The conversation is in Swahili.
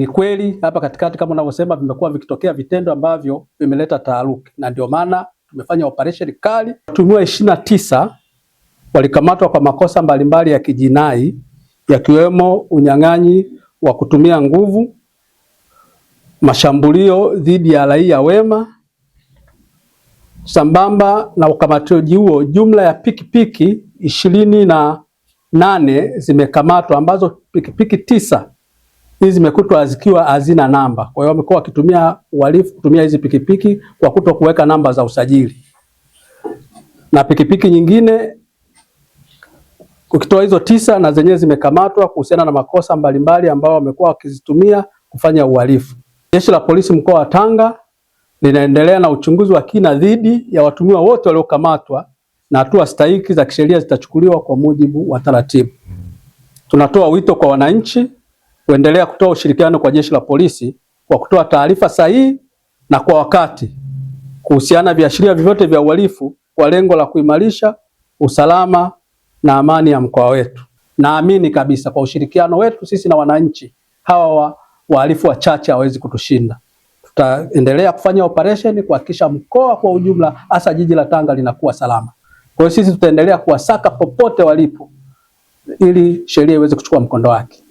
Ni kweli hapa katikati, kama unavyosema, vimekuwa vikitokea vitendo ambavyo vimeleta taharuki, na ndio maana tumefanya operesheni kali. Watuhumiwa ishirini na tisa walikamatwa kwa makosa mbalimbali ya kijinai yakiwemo unyang'anyi wa kutumia nguvu, mashambulio dhidi ya raia wema. Sambamba na ukamataji huo, jumla ya pikipiki ishirini na nane zimekamatwa ambazo pikipiki tisa hizi zimekutwa zikiwa hazina namba. Kwa hiyo wamekuwa wakitumia uhalifu kutumia hizi pikipiki kwa kuto kuweka namba za usajili, na pikipiki nyingine ukitoa hizo tisa, na zenyewe zimekamatwa kuhusiana na makosa mbalimbali ambayo wamekuwa wakizitumia kufanya uhalifu. Jeshi la Polisi mkoa wa Tanga linaendelea na uchunguzi wa kina dhidi ya watumiwa wote waliokamatwa na hatua stahiki za kisheria zitachukuliwa kwa mujibu wa taratibu. Tunatoa wito kwa wananchi kuendelea kutoa ushirikiano kwa jeshi la polisi kwa kutoa taarifa sahihi na kwa wakati kuhusiana viashiria vyovyote vya uhalifu kwa lengo la kuimarisha usalama na amani ya mkoa wetu. Naamini kabisa kwa ushirikiano wetu sisi na wananchi hawa wahalifu wachache hawezi kutushinda. Tutaendelea kufanya operesheni kuhakikisha mkoa kwa ujumla, hasa jiji la Tanga linakuwa salama. Kwa hiyo sisi tutaendelea kuwasaka popote walipo, ili sheria iweze kuchukua mkondo wake.